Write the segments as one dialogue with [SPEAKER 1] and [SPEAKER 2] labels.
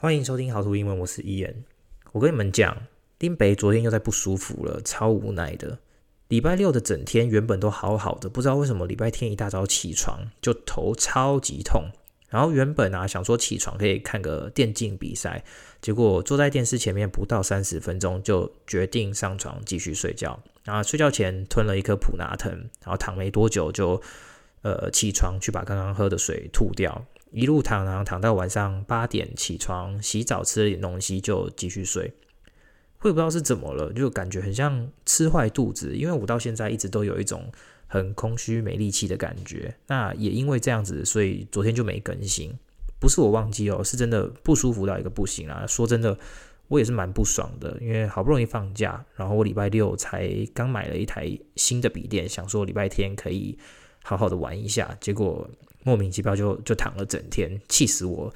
[SPEAKER 1] 歡迎收聽豪圖英文，我是 Ian。我跟你們講，丁北昨天又在不舒服了，超無奈的。禮拜六的整天原本都好好的，不知道為什麼禮拜天一大早起床就頭超級痛。然後原本啊想說起床可以看個電競比賽，結果坐在電視前面不到三十分鐘就決定上床繼續睡覺。然後睡覺前吞了一顆普拿疼，然後躺沒多久就呃起床去把剛剛喝的水吐掉。一路躺，然後躺到晚上八點起床，洗澡吃了點東西就繼續睡。會不知道是怎麼了，就感覺很像吃壞肚子。因為我到現在一直都有一種很空虛沒力氣的感覺。那也因為這樣子，所以昨天就沒更新。不是我忘記哦，是真的不舒服到一個不行啊。說真的，我也是蠻不爽的，因為好不容易放假，然後我禮拜六才剛買了一台新的筆電，想說禮拜天可以好好的玩一下，結果。莫名其妙就就躺了整天，氣死我！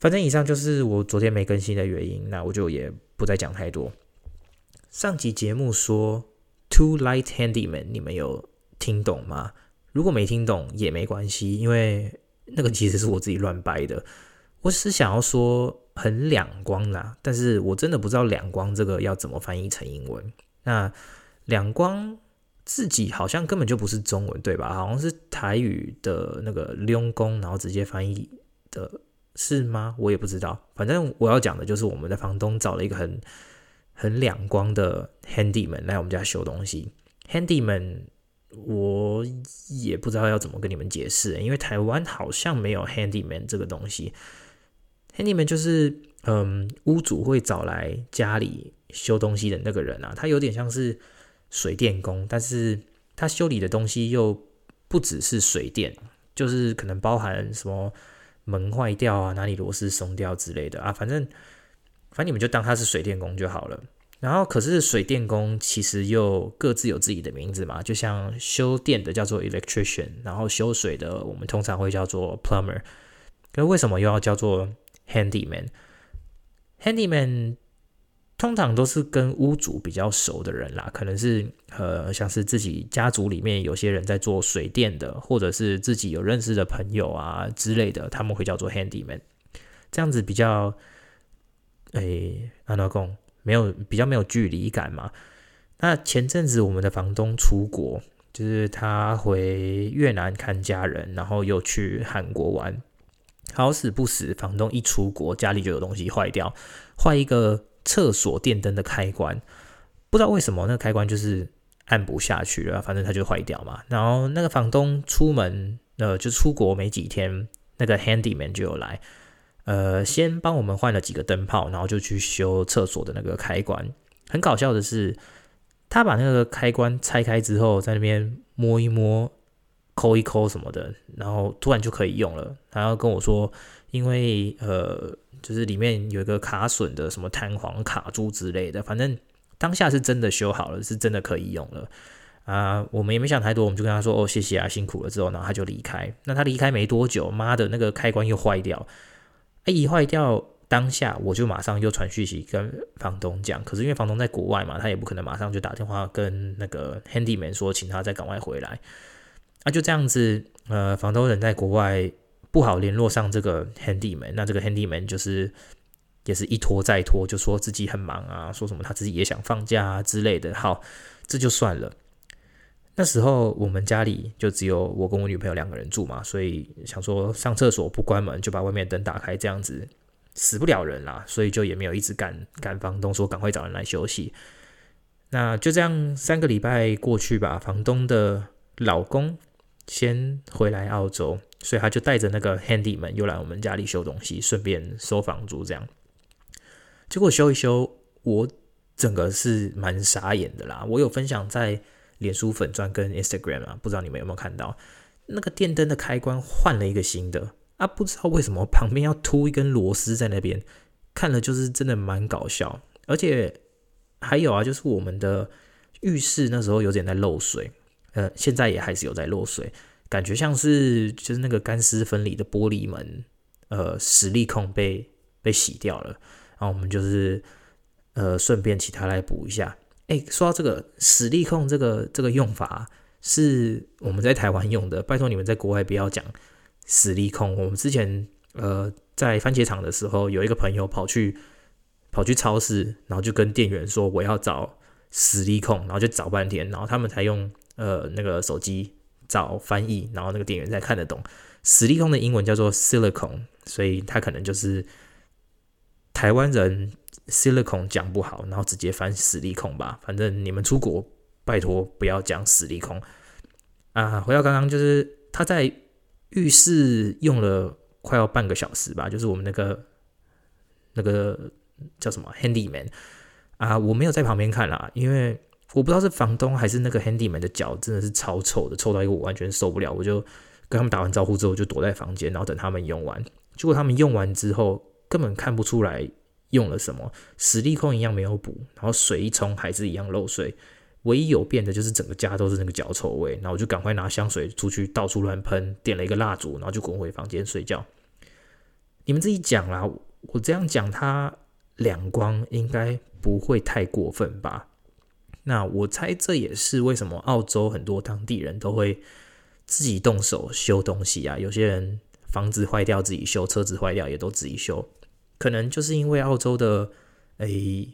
[SPEAKER 1] 反正以上就是我昨天沒更新的原因，那我就也不再講太多。上集節目說 “two light handyman” 你們有聽懂嗎？如果沒聽懂也沒關係，因為那個其實是我自己亂掰的。 我是想要說很兩光啦，但是我真的不知道“兩光”這個要怎麼翻譯成英文。那兩光。自己好像根本就不是中文，對吧？好像是台語的那個兩光，然後直接翻譯的是嗎？我也不知道。反正我要講的就是，我們的房東找了一個很很兩光的 handyman 來我們家修東西。handyman 我也不知道要怎麼跟你們解釋，因為台灣好像沒有 handyman 這個東西。handyman 就是，嗯，屋主會找來家裡修東西的那個人啊，他有點像是。水電工，但是他修理的東西又不只是水電，就是可能包含什麼門壞掉啊，哪裡螺絲鬆掉之類的啊，反正反正你們就當它是水電工就好了。然後可是水電工其實又各自有自己的名字嘛，就像修電的叫做 electrician，然後修水的我們通常會叫做 plumber。那為什麼又要叫做 handyman？handyman 通常都是跟屋主比較熟的人啦，可能是呃，像是自己家族裡面有些人在做水電的，或者是自己有認識的朋友啊之類的，他們會叫做 handyman，這樣子比較，哎、欸，啊，怎麼說，沒有比較，沒有距離感嘛。那前陣子我們的房東出國，就是他回越南看家人，然後又去韓國玩，好死不死，房東一出國家裡就有東西壞掉，壞一個。廁所電燈的開關，不知道為什麼那個開關就是按不下去了，反正它就壞掉嘛。然後那個房東出門，呃，就出國沒幾天，那個 handyman 就有來，呃，先幫我們換了幾個燈泡，然後就去修廁所的那個開關。很搞笑的是，他把那個開關拆開之後，在那邊摸一摸、摳一摳什麼的，然後突然就可以用了。然後跟我說，因為呃。就是裡面有一個卡榫的，什麼彈簧卡住之類的，反正當下是真的修好了，是真的可以用了啊。我們也沒想太多，我們就跟他說：“哦，謝謝啊，辛苦了。”之後，然後他就離開。那他離開沒多久，媽的那個開關又壞掉、欸。一壞掉，當下我就馬上又傳訊息跟房東講。可是因為房東在國外嘛，他也不可能馬上就打電話跟那個 handyman 說，請他再趕快回來、啊。那就這樣子，呃，房東人在國外。不好聯絡上這個 handyman，那這個 handyman 就是也是一拖再拖，就說自己很忙啊，說什麼他自己也想放假啊之類的。好，這就算了。那時候我們家裡就只有我跟我女朋友兩個人住嘛，所以想說上廁所不關門就把外面燈打開，這樣子死不了人啦、啊，所以就也沒有一直趕趕房東說趕快找人來休息。那就這樣三個禮拜過去吧，房東的老公先回來澳洲。所以他就帶着那個 handyman 又來我們家裡修東西，順便收房租這樣。結果修一修，我整個是蠻傻眼的啦。我有分享在臉書粉專跟 Instagram 啊，不知道你們有沒有看到？那個電燈的開關換了一個新的啊，不知道為什麼旁邊要凸一根螺絲在那邊，看了就是真的蠻搞笑。而且還有啊，就是我們的浴室那時候有點在漏水，呃，現在也還是有在漏水。感覺像是就是那個乾濕分離的玻璃門，呃，矽利康被被洗掉了，然、啊、後我們就是呃，順便請他來補一下。誒、欸，說到這個矽利康這個這個用法是我們在台灣用的，拜託你們在國外不要講矽利康。我們之前呃在番茄廠的時候，有一個朋友跑去跑去超市，然後就跟店員說，我要找矽利康，然後就找半天，然後他們才用呃那個手機，找翻譯，然後那個店員才看得懂。石立空的英文叫做 silicon，所以他可能就是台灣人 silicon 講不好，然後直接翻石立空吧。反正你們出國，拜託不要講石立空啊。回到剛剛，就是他在浴室用了快要半個小時吧，就是我們那個那個叫什麼 handyman 啊，我沒有在旁邊看啦，因為。我不知道是房東還是那個 handyman 的腳真的是超臭的，臭到一個我完全受不了。我就跟他們打完招呼之後，就躲在房間，然後等他們用完。結果他們用完之後，根本看不出來用了什麼，矽利康一樣沒有補。然後水一沖還是一樣漏水，唯一有變的就是整個家都是那個腳臭味。然後我就趕快拿香水出去到處亂噴，點了一個蠟燭，然後就滾回房間睡覺。你們自己講啦，我這樣講他兩光應該不會太過分吧？那我猜這也是為什麼澳洲很多當地人都會自己動手修東西啊。有些人房子壞掉自己修，車子壞掉也都自己修。可能就是因為澳洲的誒、哎、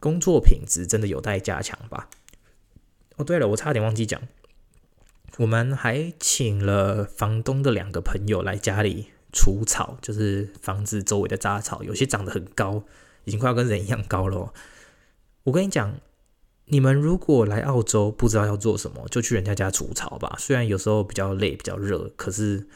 [SPEAKER 1] 工作品質真的有待加強吧。哦，對了，我差點忘記講，我們還請了房東的兩個朋友來家裡除草，就是房子周圍的雜草，有些長得很高，已經快要跟人一樣高了。我跟你講。你們如果來澳洲不知道要做什麼，就去人家家除草吧。雖然有時候比較累，比較熱，可是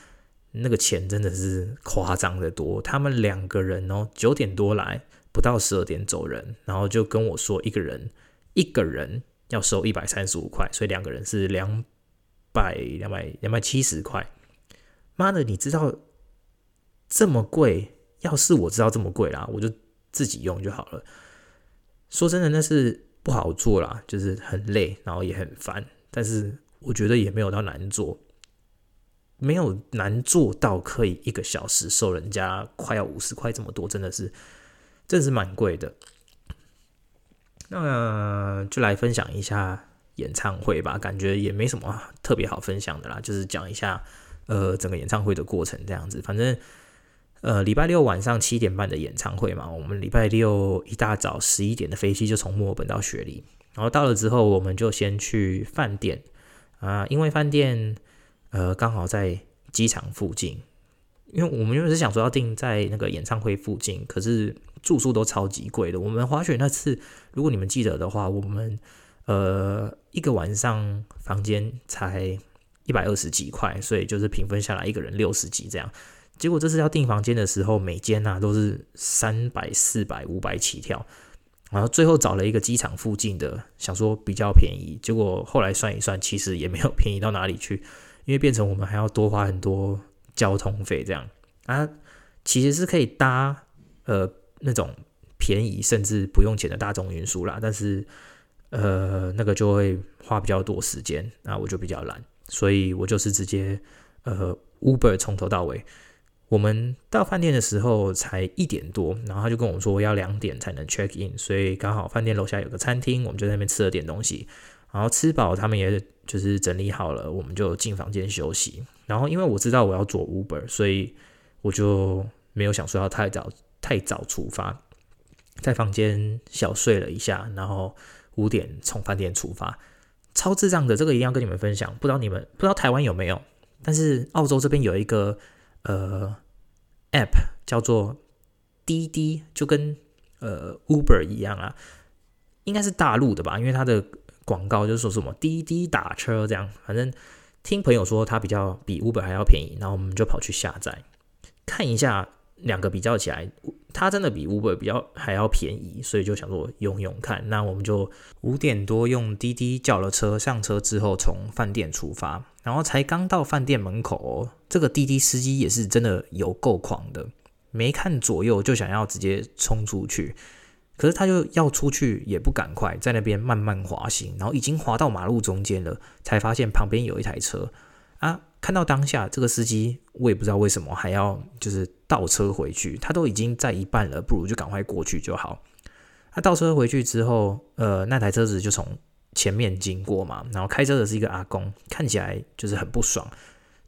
[SPEAKER 1] 那個錢真的是誇張得多。他們兩個人哦，九點多來，不到十二點走人，然後就跟我說，一個人一個人要收一百三十五塊，所以兩個人是兩百兩百兩百七十塊。媽的，你知道這麼貴？要是我知道這麼貴啦，我就自己用就好了。說真的，那是。不好做啦，就是很累，然後也很煩，但是我覺得也沒有到難做，沒有難做到可以一個小時收人家快要五十塊這麼多，真的是，真的是蠻貴的。那呃，就來分享一下演唱會吧，感覺也沒什麼特別好分享的啦，就是講一下，呃，整個演唱會的過程這樣子，反正。呃，禮拜六晚上七點半的演唱會嘛，我們禮拜六一大早十一點的飛機就從墨爾本到雪梨，然後到了之後，我們就先去飯店啊，因為飯店呃剛好在機場附近，因為我們原本是想說要訂在那個演唱會附近，可是住宿都超級貴的。我們滑雪那次，如果你們記得的話，我們呃一個晚上房間才一百二十幾塊，所以就是平分下來一個人六十幾這樣。結果這次要訂房間的時候，每間啊都是三百、四百、五百起跳，然後最後找了一個機場附近的，想說比較便宜。結果後來算一算，其實也沒有便宜到哪裡去，因為變成我們還要多花很多交通費這樣。啊，其實是可以搭呃那種便宜甚至不用錢的大眾運輸啦，但是呃那個就會花比較多時間。那我就比較懶，所以我就是直接呃 Uber 從頭到尾。我們到飯店的時候才一點多，然後他就跟我們說要兩點才能 check in，所以剛好飯店樓下有個餐廳，我們就在那邊吃了點東西。然後吃飽，他們也就是整理好了，我們就進房間休息。然後因為我知道我要坐 Uber，所以我就沒有想說要太早太早出發，在房間小睡了一下，然後五點從飯店出發。超智障的，這個一定要跟你們分享，不知道你們不知道台灣有沒有，但是澳洲這邊有一個呃。app 叫做滴滴，就跟呃 Uber 一樣啊，應該是大陸的吧，因為它的廣告就是說什麼滴滴打車，這樣，反正聽朋友說它比較比 Uber 還要便宜，然後我們就跑去下載看一下兩個比較起來。它真的比 Uber 比較還要便宜，所以就想說用用看。那我們就五點多用滴滴叫了車，上車之後從飯店出發，然後才剛到飯店門口，這個滴滴司機也是真的有夠狂的，沒看左右就想要直接衝出去，可是他就要出去也不趕快，在那邊慢慢滑行，然後已經滑到馬路中間了，才發現旁邊有一台車啊。看到當下這個司機，我也不知道為什麼還要就是倒車回去，他都已經在一半了，不如就趕快過去就好。他、啊、倒車回去之後，呃，那台車子就從前面經過嘛，然後開車的是一個阿公，看起來就是很不爽。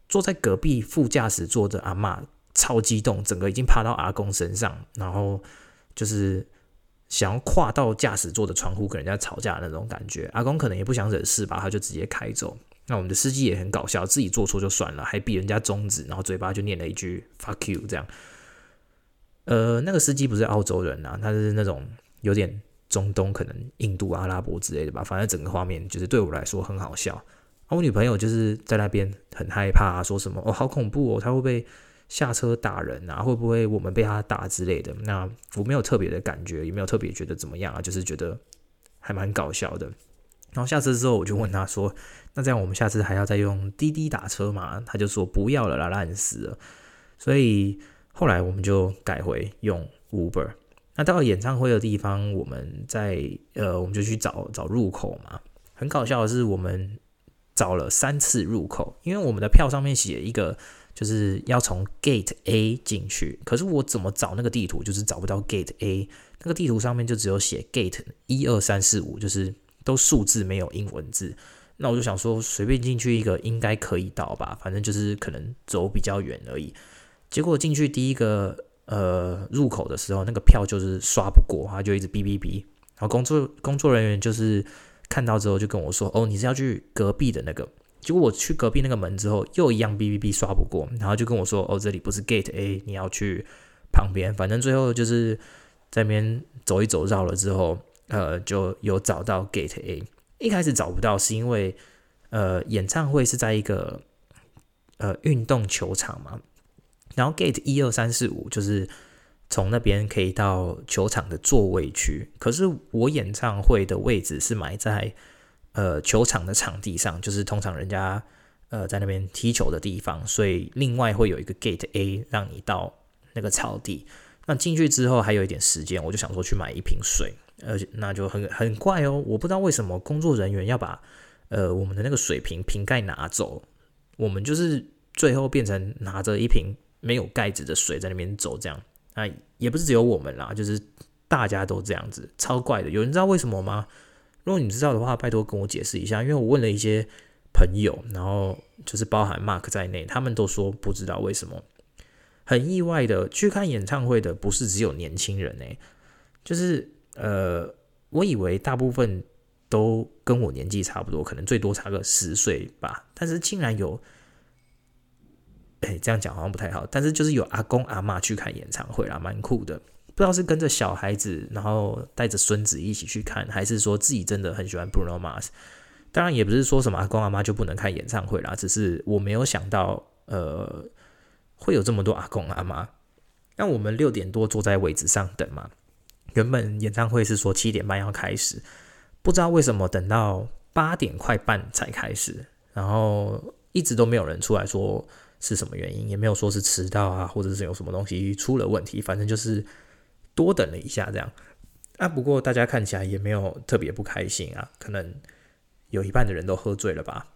[SPEAKER 1] 坐在隔壁副駕駛座的阿嬤超激動，整個已經趴到阿公身上，然後就是想要跨到駕駛座的窗戶跟人家吵架那種感覺。阿公可能也不想惹事吧，他就直接開走。那我們的司機也很搞笑，自己做錯就算了，還比人家中指，然後嘴巴就念了一句 “fuck you” 這樣。呃，那個司機不是澳洲人啊，他是那種有點中東，可能印度、阿拉伯之類的吧。反正整個畫面就是對我來說很好笑。我女朋友就是在那邊很害怕，說什麼“哦，好恐怖哦，他會不會下車打人啊，會不會我們被他打之類的？”那我沒有特別的感覺，也沒有特別覺得怎麼樣啊，就是覺得還蠻搞笑的。然後下車之後，我就問他說：“那這樣我們下次還要再用滴滴打車嗎？”他就說：“不要了啦，爛死了。”所以後來我們就改回用 Uber。那到了演唱會的地方，我們再呃，我們就去找找入口嘛。很搞笑的是，我們找了三次入口，因為我們的票上面寫一個就是要從 Gate A 進去，可是我怎麼找那個地圖就是找不到 Gate A，那個地圖上面就只有寫 Gate 一二三四五，就是。都數字沒有英文字，那我就想說隨便進去一個應該可以到吧，反正就是可能走比較遠而已。結果進去第一個呃入口的時候，那個票就是刷不過，他就一直嗶嗶嗶。然後工作工作人員就是看到之後就跟我說：“哦，你是要去隔壁的那個。”結果我去隔壁那個門之後又一樣嗶嗶嗶刷不過，然後就跟我說：“哦，這裡不是 Gate A，哎，你要去旁邊。”反正最後就是在那邊走一走，繞了之後。呃，就有找到 gate A。一開始找不到是因為，呃，演唱會是在一個呃運動球場嘛，然後 gate 一二三四五就是從那邊可以到球場的座位區。可是我演唱會的位置是埋在呃球場的場地上，就是通常人家呃在那邊踢球的地方，所以另外會有一個 gate A 讓你到那個草地。那進去之後還有一點時間，我就想說去買一瓶水。呃，而且那就很很怪哦！我不知道為什麼工作人員要把呃我們的那個水瓶瓶蓋拿走，我們就是最後變成拿着一瓶沒有蓋子的水在那邊走，這樣啊也不是只有我們啦，就是大家都這樣子，超怪的。有人知道為什麼嗎？如果你知道的話，拜託跟我解釋一下，因為我問了一些朋友，然後就是包含 Mark 在內，他們都說不知道為什麼。很意外的，去看演唱會的不是只有年輕人哎、欸，就是。呃，我以為大部分都跟我年紀差不多，可能最多差個十歲吧。但是竟然有，哎、欸，這樣講好像不太好。但是就是有阿公阿嬤去看演唱會啦，蠻酷的。不知道是跟着小孩子，然後帶着孫子一起去看，還是說自己真的很喜歡 Bruno Mars。當然也不是說什麼阿公阿嬤就不能看演唱會啦，只是我沒有想到，呃，會有這麼多阿公阿嬤。那我們六點多坐在位置上等嗎？原本演唱會是說七點半要開始，不知道為什麼等到八點快半才開始，然後一直都沒有人出來說是什麼原因，也沒有說是遲到啊，或者是有什麼東西出了問題，反正就是多等了一下這樣。啊，不過大家看起來也沒有特別不開心啊，可能有一半的人都喝醉了吧。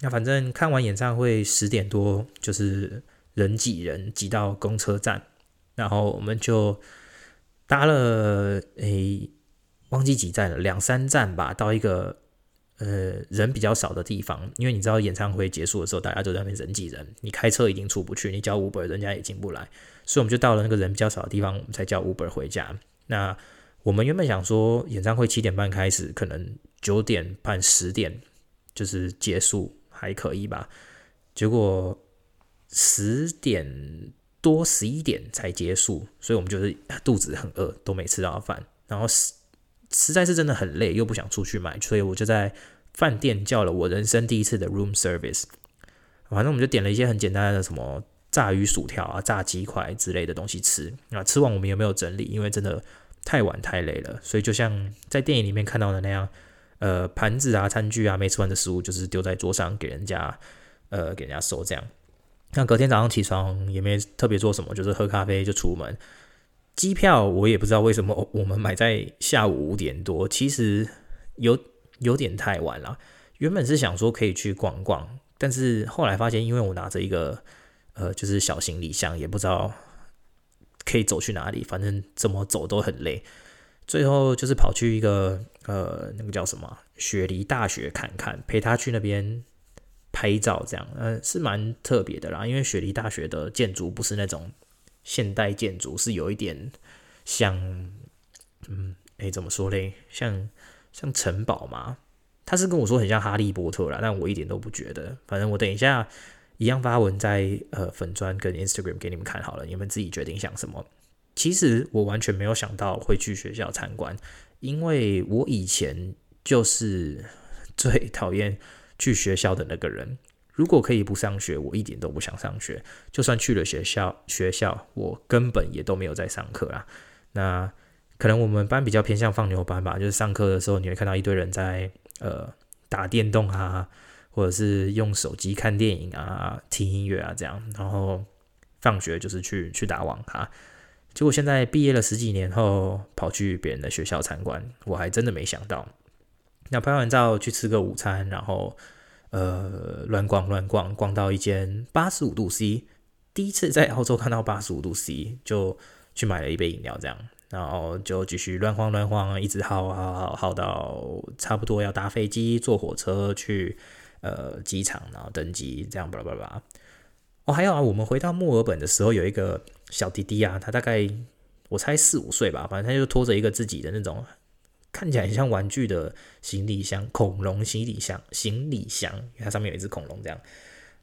[SPEAKER 1] 那反正看完演唱會十點多，就是人擠人，擠到公車站，然後我們就搭了誒、欸，忘記幾站了，兩三站吧，到一個呃人比較少的地方。因為你知道，演唱會結束的時候，大家都在那邊人擠人，你開車已經出不去，你叫 Uber 人家也進不來，所以我們就到了那個人比較少的地方，我們才叫 Uber 回家。那我們原本想說，演唱會七點半開始，可能九點半、十點就是結束還可以吧。結果十點多十一點才結束，所以我們就是肚子很餓，都沒吃到飯。然後實在是真的很累，又不想出去買，所以我就在飯店叫了我人生第一次的 room service。反正我們就點了一些很簡單的什麼炸魚薯條啊、炸雞塊之類的東西吃。那吃完我們也沒有整理，因為真的太晚太累了，所以就像在電影裡面看到的那樣，呃，盤子啊、餐具啊，沒吃完的食物就是丟在桌上給人家，呃，給人家收這樣。那隔天早上起床也沒特別做什麼，就是喝咖啡就出門。機票我也不知道為什麼我們買在下午五點多，其實有有點太晚了。原本是想說可以去逛逛，但是後來發現，因為我拿着一個呃，就是小行李箱，也不知道可以走去哪裡，反正怎麼走都很累。最後就是跑去一個呃，那個叫什麼雪梨大學看看，陪他去那邊。拍照這樣，嗯、呃，是蠻特別的啦。因為雪梨大學的建築不是那種現代建築，是有一點像，嗯，哎、欸，怎麼說嘞？像像城堡嘛。他是跟我說很像哈利波特啦，但我一點都不覺得。反正我等一下一樣發文在呃粉專跟 Instagram 給你們看好了，你們自己決定想什麼。其實我完全沒有想到會去學校參觀，因為我以前就是最討厭去學校的那個人，如果可以不上學，我一點都不想上學。就算去了學校，學校我根本也都沒有在上課啊。那可能我們班比較偏向放牛班吧，就是上課的時候你會看到一堆人在呃打電動啊，或者是用手機看電影啊、聽音樂啊這樣。然後放學就是去去打網咖啊。結果現在畢業了十幾年後，跑去別人的學校參觀，我還真的沒想到。那拍完照去吃個午餐，然後呃亂逛亂逛，逛到一間八十五度 C，第一次在澳洲看到八十五度 C，就去買了一杯飲料這樣，然後就繼續亂晃亂晃，一直耗耗、啊、耗耗到差不多要搭飛機坐火車去呃機場，然後登機這樣巴拉巴拉。哦，還有啊，我們回到墨爾本的時候有一個小弟弟啊，他大概我猜四五歲吧，反正他就拖着一個自己的那種。看起來很像玩具的行李箱，恐龍行李箱，行李箱，因為它上面有一隻恐龍這樣。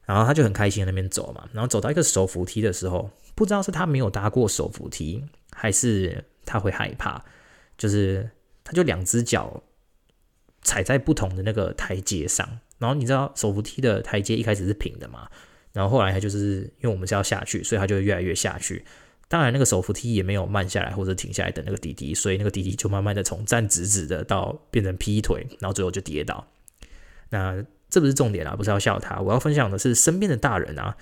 [SPEAKER 1] 然後他就很開心在那邊走嘛，然後走到一個手扶梯的時候，不知道是他沒有搭過手扶梯，還是他會害怕，就是他就兩隻腳踩在不同的那個台階上。然後你知道手扶梯的台階一開始是平的嘛，然後後來他就是因為我們是要下去，所以他就越來越下去。當然，那個手扶梯也沒有慢下來或者停下來等那個弟弟，所以那個弟弟就慢慢的從站直直的到變成劈腿，然後最後就跌倒。那這不是重點啊，不是要笑他，我要分享的是身邊的大人啊，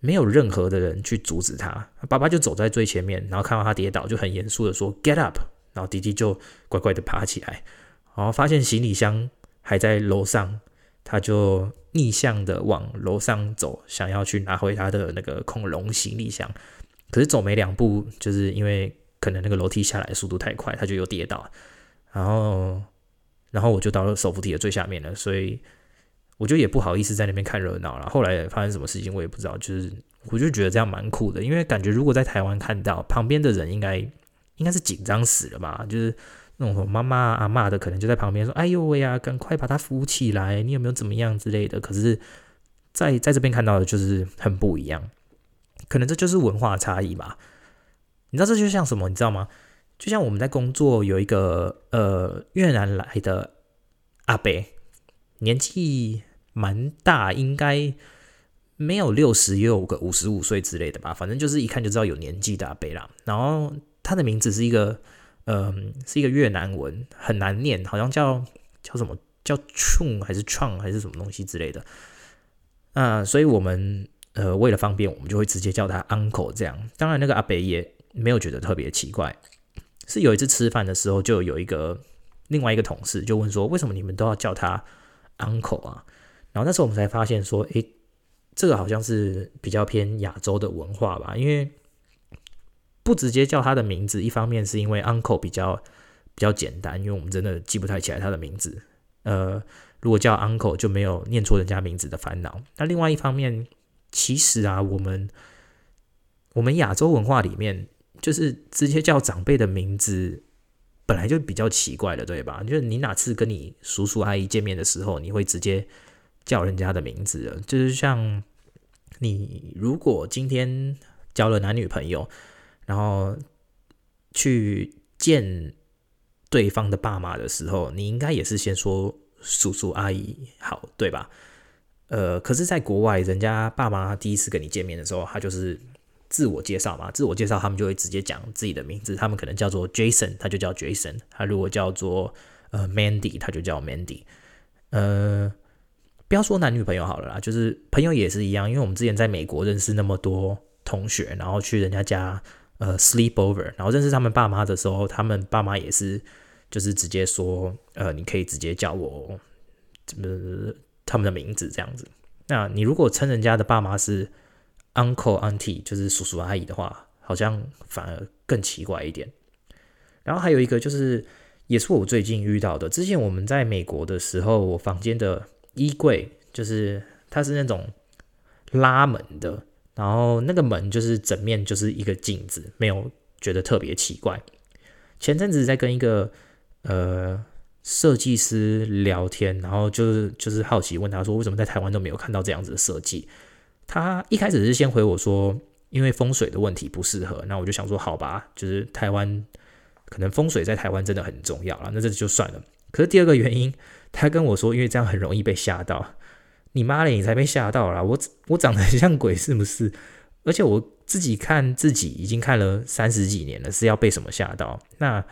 [SPEAKER 1] 沒有任何的人去阻止他，他，爸爸就走在最前面，然後看到他跌倒，就很嚴肅的說 “Get up”，然後弟弟就乖乖的爬起來，然後發現行李箱還在樓上，他就逆向的往樓上走，想要去拿回他的那個恐龍行李箱。可是走沒兩步，就是因為可能那個樓梯下來速度太快，它就又跌倒，然後，然後我就到了手扶梯的最下面了，所以我就也不好意思在那邊看熱鬧了。後來發生什麼事情我也不知道，就是我就覺得這樣蠻酷的，因為感覺如果在台灣看到旁邊的人應該應該是緊張死了吧，就是那種什麼媽媽阿嬤的可能就在旁邊說：“哎呦喂呀、啊，趕快把他扶起來，你有沒有怎麼樣之類的。”可是在，在在這邊看到的就是很不一樣。可能這就是文化差異吧，你知道這就像什麼？你知道嗎？就像我們在工作有一個呃、越南來的阿伯，年紀蠻大，應該沒有六十，也有個五十五歲之類的吧。反正就是一看就知道有年紀的阿伯啦。然後他的名字是一個嗯、呃，是一個越南文，很難念，好像叫叫什麼叫沖還是創還是什麼東西之類的。啊，所以我們。呃，為了方便，我們就會直接叫他 uncle 這樣。當然，那個阿北也沒有覺得特別奇怪。是有一次吃飯的時候，就有一個另外一個同事就問說：“為什麼你們都要叫他 uncle 啊？”然後那時候我們才發現說：“誒，這個好像是比較偏亞洲的文化吧？”因為不直接叫他的名字，一方面是因為 uncle 比較比較簡單，因為我們真的記不太起來他的名字。呃，如果叫 uncle 就沒有念錯人家名字的煩惱。那另外一方面，其實啊，我們我們亞洲文化裡面，就是直接叫長輩的名字，本來就比較奇怪的，對吧？就是你哪次跟你叔叔阿姨見面的時候，你會直接叫人家的名字？就是像你如果今天交了男女朋友，然後去見對方的爸媽的時候，你應該也是先說叔叔阿姨好，對吧？呃，可是，在國外，人家爸媽第一次跟你見面的時候，他就是自我介紹嘛。自我介紹，他們就會直接講自己的名字。他們可能叫做 Jason，他就叫 Jason；他如果叫做呃 Mandy，他就叫 Mandy。呃，不要說男女朋友好了啦，就是朋友也是一樣。因為我們之前在美國認識那麼多同學，然後去人家家呃 sleep over，然後認識他們爸媽的時候，他們爸媽也是就是直接說，呃，你可以直接叫我怎麼。呃他們的名字這樣子，那你如果稱人家的爸媽是 uncle a u n t y，就是叔叔阿姨的話，好像反而更奇怪一點。然後還有一個就是，也是我最近遇到的。之前我們在美國的時候，我房間的衣櫃就是它是那種拉門的，然後那個門就是整面就是一個鏡子，沒有覺得特別奇怪。前陣子在跟一個呃。設計師聊天，然後就是就是好奇問他說：“為什麼在台灣都沒有看到這樣子的設計？”他一開始是先回我說：“因為風水的問題不適合。”那我就想說：“好吧，就是台灣可能風水在台灣真的很重要，那這就算了。”可是第二個原因，他跟我說：“因為這樣很容易被嚇到。”你媽的，你才被嚇到了！我我長得很像鬼是不是？而且我自己看自己已經看了三十幾年了，是要被什麼嚇到？那，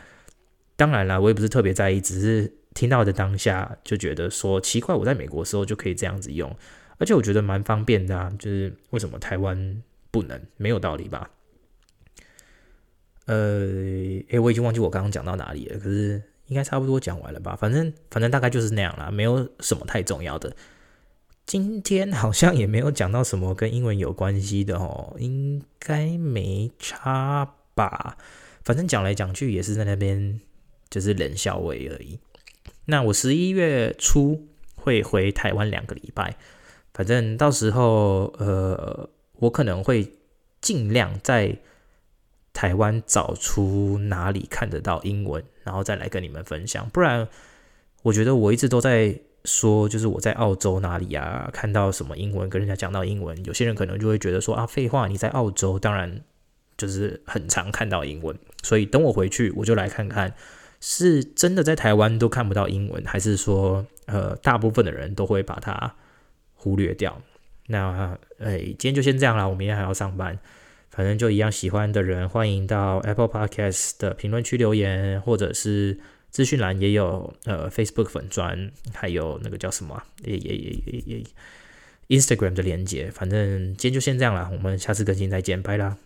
[SPEAKER 1] 當然了，我也不是特別在意，只是聽到的當下就覺得說奇怪。我在美國的時候就可以這樣子用，而且我覺得蠻方便的啊。就是為什麼台灣不能？沒有道理吧？呃，哎、欸，我已經忘記我剛剛講到哪裡了，可是應該差不多講完了吧？反正反正大概就是那樣啦，沒有什麼太重要的。今天好像也沒有講到什麼跟英文有關係的哦，應該沒差吧？反正講來講去也是在那邊。就是冷校尉而已。那我十一月初會回台灣兩個禮拜，反正到時候呃，我可能會盡量在台灣找出哪裡看得到英文，然後再來跟你們分享。不然我覺得我一直都在說，就是我在澳洲哪裡啊看到什麼英文，跟人家講到英文，有些人可能就會覺得說啊廢話，你在澳洲當然就是很常看到英文。所以等我回去，我就來看看。是真的在台灣都看不到英文，還是說，呃，大部分的人都會把它忽略掉？那，哎、欸，今天就先這樣啦，我明天還要上班，反正就一樣，喜歡的人歡迎到 Apple Podcast 的評論區留言，或者是資訊欄也有，呃，Facebook 粉專，還有那個叫什麼、啊，也也也也也 Instagram 的連接，反正今天就先這樣啦，我們下次更新再見，拜啦。